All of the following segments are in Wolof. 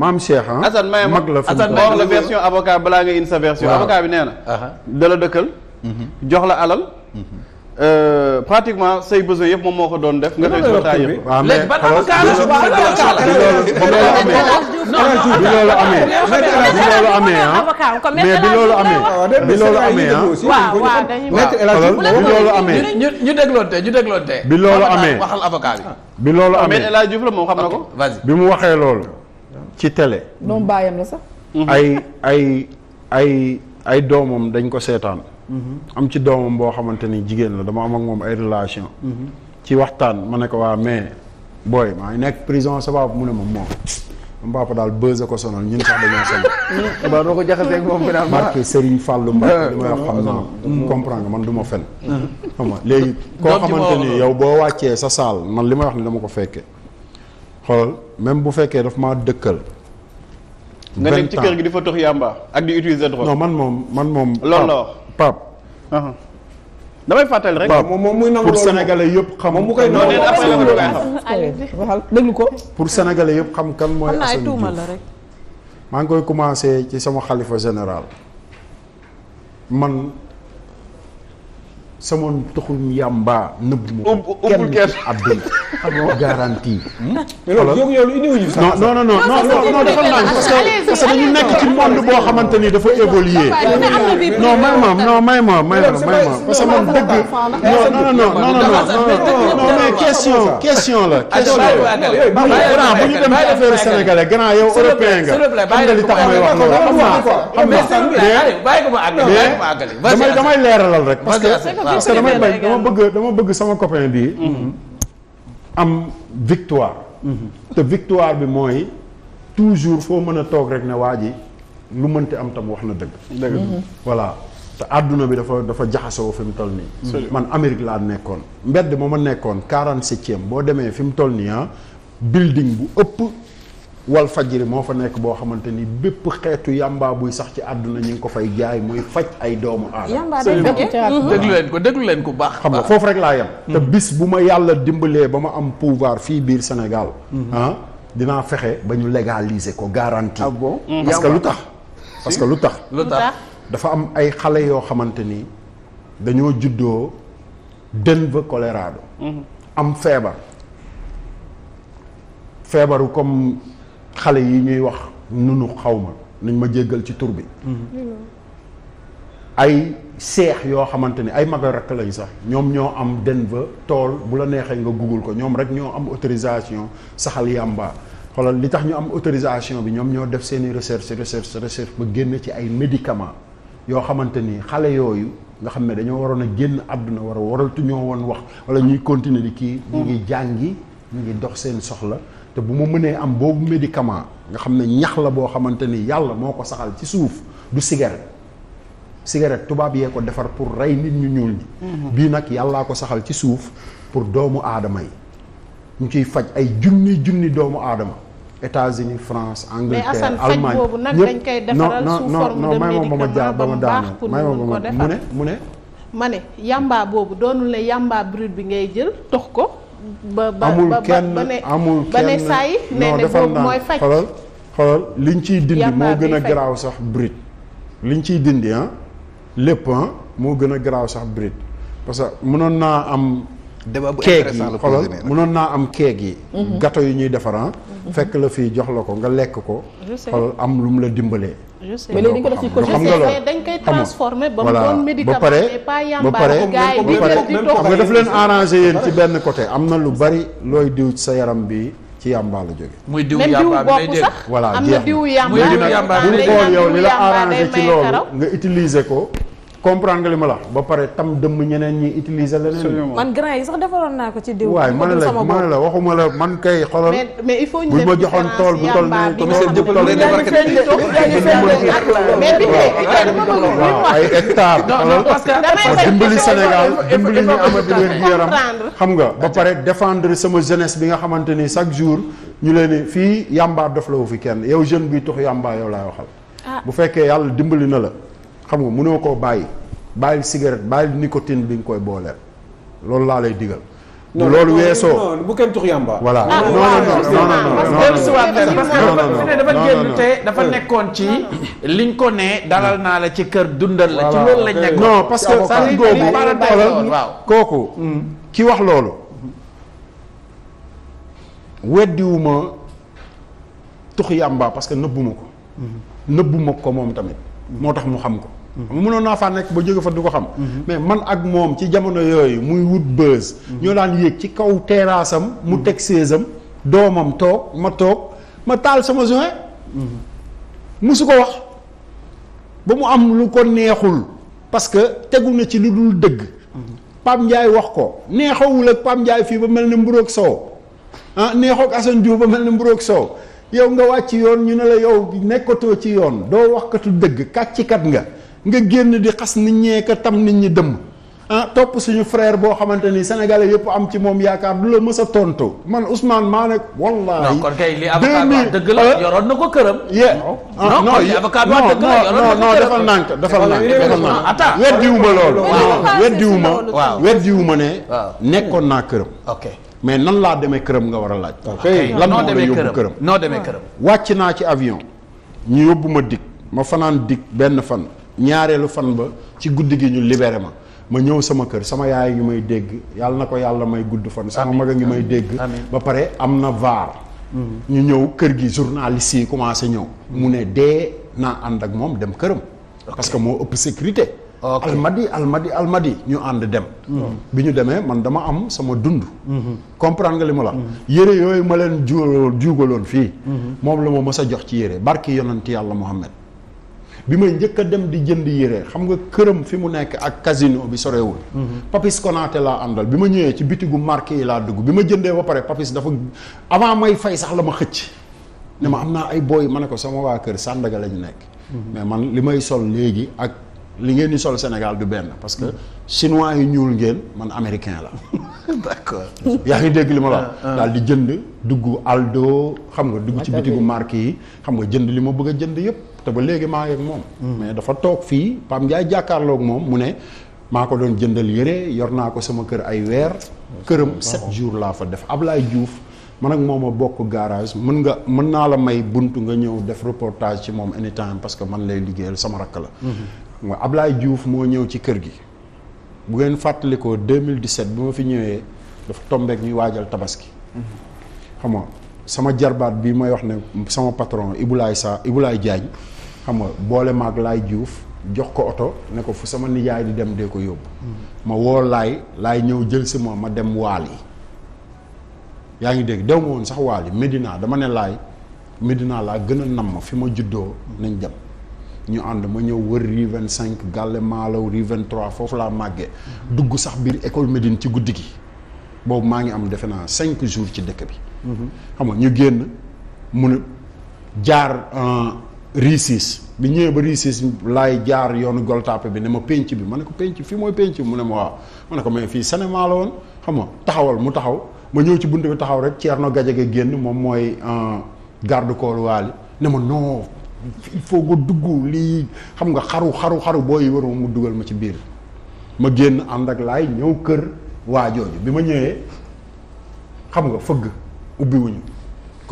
maam Cheikh ah. Assane maye mag la Assane maye la version avocat balaa nga indi sa version. avocat bi nee na. da la dëkkal. Mhm. jox la alal. Mhm. Euh, pratiquement say besoin yëpp moom moo ko doon def. nga koy soxlaa yëpp waaw mais xaw bi loolu amee. bi ah. loolu amee ah mais bi loolu amee. bi loolu amee ah waaw waaw bi loolu amee. ñu ñu dégloonte ñu dégloonte. bi loolu amee waxal avocat bi. bi loolu amee mais El Hadj Diouf la moom xam na ko. bi mu waxee loolu. ci télé. doom baayam la sax. Mm-hmm. ay ay ay ay doomam dañ ko seetaan. Mm-hmm. am ci doomam boo xamante ni jigéen la dama am ak moom ay relation mm-hmm. ci waxtaan ma ne ko waa mais booy maa ngi nekk prison sa baab mu ne ma moom. moom papa daal bëz a ko sonal ñun sax ko jaxasee ak moom finalement. marqué Serigne Fallou Mbaye li may wax xam naa. comprendre nga man du ma fen. léegi koo xamante ni yow boo wàccee sa saal man li may wax ni dama ko fekkee. xoolal même bu fekkee dafa maa dëkkal. nga nekk ci kër gi di fa tox yàmba ak di utiliser drogue. non man moom man moom. loolu la wax uh-huh. damay fàttali rek. waaw moom muy nangu loolu pour sénégalais yëpp xam. moom bu koy nangu loolu ko pour sénégalais yëpp xam kan mooy. Assane Diouf maa ngi koy commencé ci sama xalifa général man. sama toxum yamba nëbbu ma. ubbul kenn abdul amoo garantie. mais loolu yow indi wuñu non non non dafa naan parce dañu nekk ci monde boo xamante ni dafa évoluer. non may ma may ma may ma may ma parce que dëgg. non non non non non question question la. question bu ñu dem ci affaire sénégalais grand yow européen nga. xam nga li tax may wax loolu xam naa xam naa damay leeralal rek. parce que parce que damay bëgg dama bëgg sama copain bi mm-hmm. am victoire. Mm-hmm. te victoire bi mooy toujours foo mën a toog rek ne waa ji lu mënti am tam wax na dëgg. dëgg te àdduna bi dafa dafa jaxasoo fi mu toll nii. man Amérique laa nekkoon. mbedd ma ma nekkoon quarante septième boo demee fi mu toll nii ah building bu ëpp wal fajiri moo fa nekk boo xamante ni bépp xeetu yàmbaa buy sax ci àdduna ñu ngi ko fay jaay muy faj ay doomu aadama. déglu leen ko déglu leen ko baax. xam nga foofu rek laa yem. Hmm. te bis bu ma yàlla dimbalee ba ma am pouvoir fii biir Sénégal. Hmm. Ah, dinaa fexe ba ñu légaliser ko garantie. ah lu tax lu tax. dafa am ay xale yoo xamante ni dañoo juddoo Denver Colorado. Mm-hmm. am feebar feebaru comme xale yi ñuy wax nunu xawma nañ ma jéggal ci tur bi mm-hmm. ay seex yoo xamante ni ay mag rakk lañ sax ñoom ñoo am Denver tool bu la neexee nga gugul ko ñoom rek ñoo am autorisation saxal yàmba xoolal li tax ñu am autorisation bi ñoom ñoo def seeni recherche recherche recherche ba génn ci ay médicament yoo xamante ni xale yooyu nga xam ne dañoo waroon a génn àdduna war a waraltu woon wax wala ñuy continuer di kii ñu ngi mm. jàngi ñu ngi dox seen soxla te bu ma mënee am boobu médicament nga xam ne ñax la boo xamante ni yàlla moo ko saxal ci suuf du cigarette cigarette tubaab yee ko defar pour rey nit ñu ñuul ñi mm-hmm. bii nag yàllaa ko saxal ci suuf pour doomu aadama yi ñu ciy faj ay junni junni doomu aadama États-Unis France Angleterre Allemagne ñëpp non non non non may moom ba ma jaar ba ma daanoo may moom ba ma mu ne mu ne. ma ne yambaa boobu doonul ne yambaa brut bi ngay jël tox ko. ba ba ba ba ne amul kenn amul kenn non defal naa xoolal xoolal liñ ciy dindi moo gën a garaaw sax brut liñ ciy dindi ah lépp ah moo gën a garaaw sax brut parce que naa am. débat bu intéressant la xoolal mënoon naa am keeg yi. Mhm. gâteau yi ñuy defaran ah. mhm. fekk la fii jox la ko nga lekk ko. xoolal am lu mu la dimbalee. je sais mais léegi dañ ko def xam nga loolu ba mu doon médicament daf leen arrangé yéen ci benn côté am na lu bari looy diw ci sa yaram bi ci yàmbaar la jóge muy diw yàmbaar day dégg voilà jeex na muy diw yàmbaar yow li la arrangé ci loolu nga utilise ko comprendre nga li ma la ba pare tam dëmm ñeneen ñi utiliser leneen. man grand yi sax defaroon naa ko ci diw. waaye man la man la waxuma la man kay xoolal. mais mais il tool bu toll nii. commissaire jëpp tool ay hectares. yaram xam nga ba pare défendre sama jeunesse bi nga xamante ni chaque jour ñu leen fii yàmbaa dof la wu fi kenn yow jeune bi tux yàmbaa yow laay waxal. Ah. bu fekkee yàlla dimbali na la xam nga mënoo koo bàyyi bàyyil cigarette bàyyil nicotine bi nga koy booleel loolu laa lay digal. bu loolu weesoo bu kenn tux yàmba. voilà ah, non dafa génn te dafa nekkoon ci liñ ko ne dalal naa la ci kër dundal la. ci loolu lañ nekkoon non parce que saa yu boobu waaw kooku. ki wax loolu. weddiwuma tux yàmba parce que nëbbuma ko. Mm-hmm. nëbbuma ko moom tamit. moo tax mu xam ko. mënoon naa faa nekk ba jóge fa du ko xam. Mhm. mais man ak moom ci jamono yooyu muy wut bës. ñoo daan yéeg ci kaw terrasse mu mhm. teg seesam doomam toog ma toog ma taal sama joint. Mhm. musu ko wax ba mu am lu ko neexul parce que tegu na ci lu dul dëgg. Pape Ndiaye wax ko neexawul ak Pape Ndiaye fii ba mel ne mburoog soow ah neexoo ak ba mel ne mburoog soow yow nga wàcc yoon ñu ne la yow nekkatoo ci yoon doo waxkatu dëgg kàccikat nga. nga génn di xas nit ñi ka tam nit ñi dëmm ah topp suñu frère boo xamante ni sénégalais yëpp am ci moom yaakaar du la mës a tontu man Ousmane maa ne wallaahi. kon kay li avocat bi dëgg na ko këram. non non avocat bi dëgg la euh, yoroon na ko këram non ah, non defal nànk defal nànk defal nànk weddiwuma loolu. waaw weddiwuma. waaw weddiwuma ne. nekkoon naa këram. ok mais nan laa demee këram nga war a laaj. ok lan moo la yóbbu këram noo demee këram. wàcc naa ci avion. ñu yóbbu ma dig ma fanaan dig benn fan. ñaareelu fan ba ci guddi gi ñu libéré ma ma ñëw sama kër sama yaay ngi may dégg yàlla na ko yàlla may gudd fan sama mag a ngi may dégg ba pare am na vaar mm-hmm. ñu ñëw kër gi journaliste yi commencé ñëw mu ne dee naa ànd ak moom dem këram parce que moo ëpp sécurité almadi almadi almadi ñu ànd dem mm-hmm. bi ñu demee man dama am sama dund mm-hmm. comprendre nga li ma la yére yooyu ma leen juugaloon fii moom la ma mës a jox ci yére barki yonent yàlla Muhammad bi may njëkk a dem di jënd yére xam nga këram fi mu nekk ak casino bi sorewul mhm. Papis konaate laa àndal bi ma ñëwee ci bitigu marqué yi laa dugg bi ma jëndee ba pare Papis dafa avant may fay sax la ma xëcc ne ma am naa ay booy ma ne ko sama waa kër Sandaga lañu nekk mhm. mais man li may sol léegi ak li ngeen di sol Sénégal du benn parce que mhm. chinois yi ñuul ngeen man américain la d'accord yaa dégg li ma la wax ah, ah. daal di jënd dugg Aldo xam nga dugg ci bitigu marqué yi xam nga jënd li ma bëgg a jënd yëpp te ba léegi maa ngi moom. mais dafa toog fii Pam Ndiaye jàkkaarloog moom mu ne maa ko doon jëndal yére yor naa ko sama kër ay weer. këram sept jour laa fa def Ablaye Diouf. man ak moom a bokk garage mën nga mën naa la may bunt nga ñëw def reportage ci moom anytime parce que man lay liggéeyal sama rakk la. mooy mhm. Ablaye Diouf moo ñëw ci kër gi. bu ngeen fàttalikoo 2017 bi ma fi ñëwee dafa tombeek ñuy waajal tabaski. Mhm. xam nga sama jarbaat bi may wax ne sama patron Iboulaye Sa Iboulaye Diagne. xam nga boole maag laay juuf jox ko oto ne ko fu sama nijaay di dem dee ko yóbbu. ma woo laay laay ñëw jël si ma ma dem waal yi. yaa ngi dégg dew woon sax waal yi Medina dama ne laay Medina laa gën a nam ma fi ma juddoo nañ dem. ñu ànd ma ñëw wër rue vingt cinq gàlle maalaw rue vingt trois foofu laa màggee. dugg sax biir école Médine ci guddi gi. boobu maa ngi am defe naa cinq jours ci dëkk bi. Mhm. xam nga ñu génn mun a jaar. Euh, riisis bi ñëwee ba riisis laay jaar yoonu goltape bi ne ma penc bi ma ne ko pénc fii mooy penc mu ne ma waaw ma ne ko mais fii cinéma la xam nga taxawal mu taxaw ma ñëw ci bunt bi taxaw rek Thierno Gadiaga génn moom mooy euh, garde corps waali ne ma non il faut nga dugg lii xam nga xaru xaru xaru booy waru mu dugal ma ci biir ma génn ànd ak laay ñëw kër waa jooju bi ma ñëwee xam nga fëgg ubbi wuñu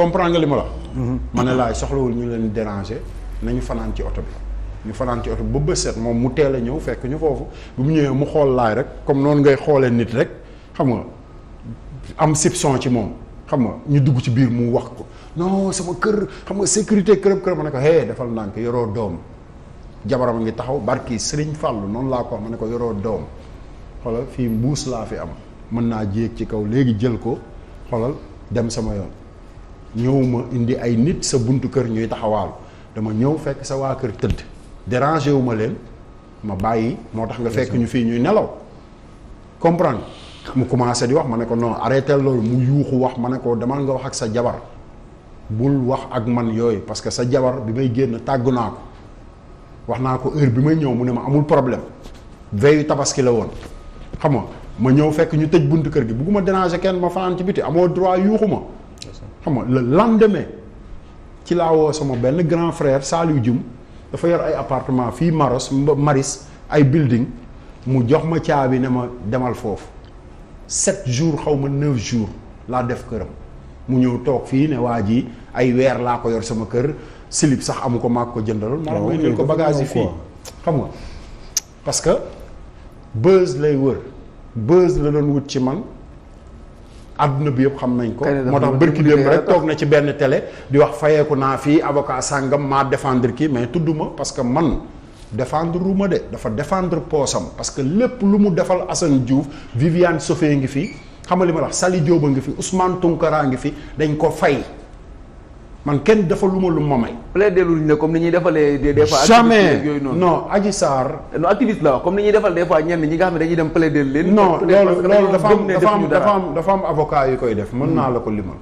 nga li ma la mm-hmm. ma ne laay soxlawul ñu leen déranger nañu fanaan ci oto bi ñu fanaan ci oto bi ba bët moom mu teel a ñëw fekk ñu foofu bu mu ñëwee mu xool laay rek comme noonu ngay xoolee nit rek xam nga am soupçon ci moom xam nga ñu dugg ci biir mu wax ko non sama kër xam nga sécurité kërëm kërëm ma ne ko hé defal ndànk yoroo doom jabaram a ngi taxaw barki Sëriñ Fàllu noonu laa ko wax ma ne ko yoroo doom xoolal fii mbuus laa fi am mën naa jéeg ci kaw léegi jël ko xoolal dem sama yoon ñëw ma indi ay nit sa buntu kër ñuy taxawaalu dama ñëw fekk sa waa kër tëdd dérangé wu ma leen ma bàyyi moo tax nga fekk ñu fii ñuy nelaw comprendre mu commencé di wax ma ne ko noonu arrêté loolu mu yuuxu wax ma ne ko demal nga wax ak sa jabar bul wax ak man yooyu parce que sa jabar bi may génn tàggu naa ko wax naa ko heure bi may ñëw mu ne ma amul problème veille tabaski la woon xam nga ma ñëw fekk ñu tëj buntu kër gi bugguma déranger kenn ma fanaan ci biti amoo droit yuuxu ma xam nga le lendemain ci laa woo sama benn grand frère Saliou Dioum dafa yor ay appartement fii Maros Maris ay building mu jox ma caabi ne ma demal foofu sept jours xaw ma neuf jours laa def këram mu ñëw toog fii ne waa ji ay weer laa ko yor sama kër slip sax amu ko maag ko jëndal moo tax may nil ko bagage yi fii xam nga parce que buzz lay wër buzz la doon wut ci man àdduna bi yëpp xam nañ ko moo tax bërki démb rek toog na ci benn tele di wax fayeeku naa fi avocat sàngam maa defendre kii mais tudduma ma parce que man défendre ruma ma de dafa défendre poosam parce que lépp lu mu defal Assane Diouf Viviane Sofé ngi fi li ma wax Sali Diop a ngi fi Ousmane Tounkara ngi fi dañ ko fay man kenn defaluma lu ma may. plaider luñ ne comme ni ñuy defalee. des fois jamais non Adji Sarr. non activiste la wax comme ni ñuy defal des fois ñenn ñi nga xam ne dañuy dem plaider leen. non loolu dafa am dafa am dafa am avocat yu koy def. mën naa la ko limal.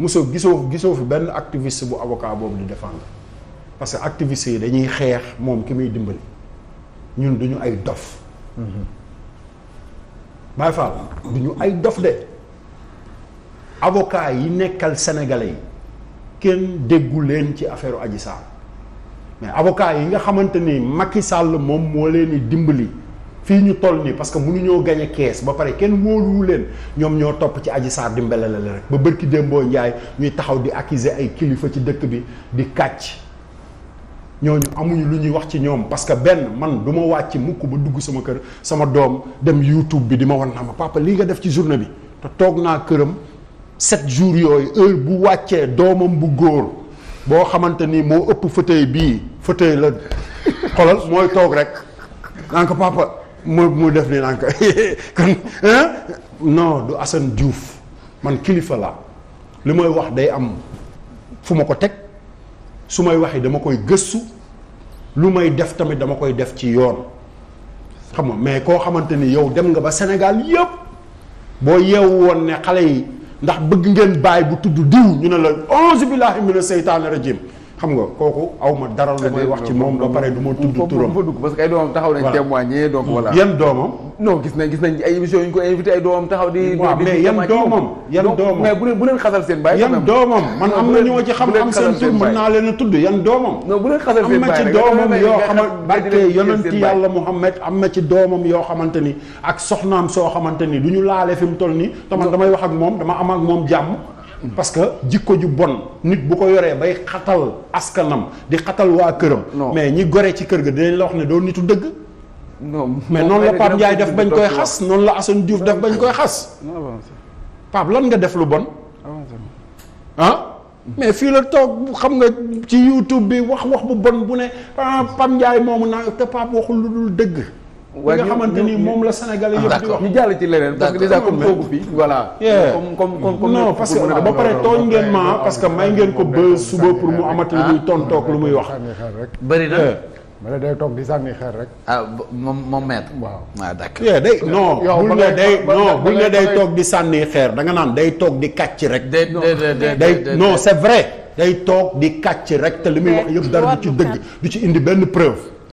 mosoo gisoo gisoo fi benn activiste bu avocat boobu di défendre parce que activiste yi dañuy xeex moom ki muy dimbali ñun duñu ay dof. Baye Fall duñu ay dof de. avocat yi nekkal sénégalais yi. kenn déggu leen ci affaire Adji Sarr mais avocat yi nga xamante ni Macky sàll moom moo leen di dimbali fii ñu toll nii parce que mënuñoo gañe kees ba pare kenn wóoluwu leen ñoom ñoo topp ci Adji Sarr di mbelele la rek ba bërki démboo Njaay ñuy taxaw di accuser ay kilifa ci dëkk bi di kàcc ñooñu amuñu lu ñuy wax ci ñoom parce que benn man du ma wàcc mukk ba dugg sama kër sama doom dem YouTube bi di ma wan naa ma papa lii nga def ci journée bi te toog naa këram sept jours yooyu heure bu wàccee doomam bu góor boo xamante ni moo ëpp fauteuil bii fauteuil la xolal mooy toog rek naan ko papa mu mu def ni naan kon non du Assane Diouf man kilifa la li may wax day am fu ma ko teg su may waxee dama koy gëstu lu may def tamit dama koy def ci yoon xam nga mais koo xamante ni yow dem nga ba senegal yëpp boo yeewu woon ne xale yi ndax bëgg ngeen bàyyi bu tudd diw ñu ne la auzu billahi mina a rajim xam nga kooku aw ma dara lu may wax ci moom la pare du ma tudd turam fa dugg parce que ay doomam taxaw nañ témoigner donc voilà yan doomam gis nañ gis nañ ay émission yu ñu ko invité ay doomam mais yan doomam yan doomam mais seen bàyyi yan doomam man am na am seen tur leen a tudd yan doomam non bu leen xasal seen bàyyi am na ci yoo xamante barke yàlla Muhammad am na ci doomam yoo xamante ni ak soxnaam soo xamante ni du ñu laale fi mu toll nii dama damay wax ak moom dama am ak moom jàmm parce que jikko ju bon nit bu ko yoree bay xatal askanam di xatal waa këram. mais ñi gore ci kër gi dinañ la wax ne doo nitu dëgg. mais noonu la Pape Ndiaye def bañ koy xas noonu la Assane Diouf def bañ koy xas. Pape lan nga def lu bon. ah. mais fii la toog xam nga ci YouTube bi wax wax bu bon bu ne ah Pape Ndiaye moomu naa te Pape waxul lu dul dëgg. waaye nga xamante ni moom la Sénégal ah, yëpp di wax ñu jàll ci leneen parce que déjà comme toogu fi voilà comme comme ba pare tooñ ngeen parce que may ngeen ko ba suba pour mu amatul luy ah. tontoog lu muy wax bëri na wala day toog di sànni xeer rek. ah moom moom maître. waaw waaw d'accord. day non bul ne day toog di sànni xeer da nga naan day toog di kàcc rek. day non c'est vrai. day toog di kàcc rek te li muy wax yëpp dara du ci dëgg du ci indi benn preuve.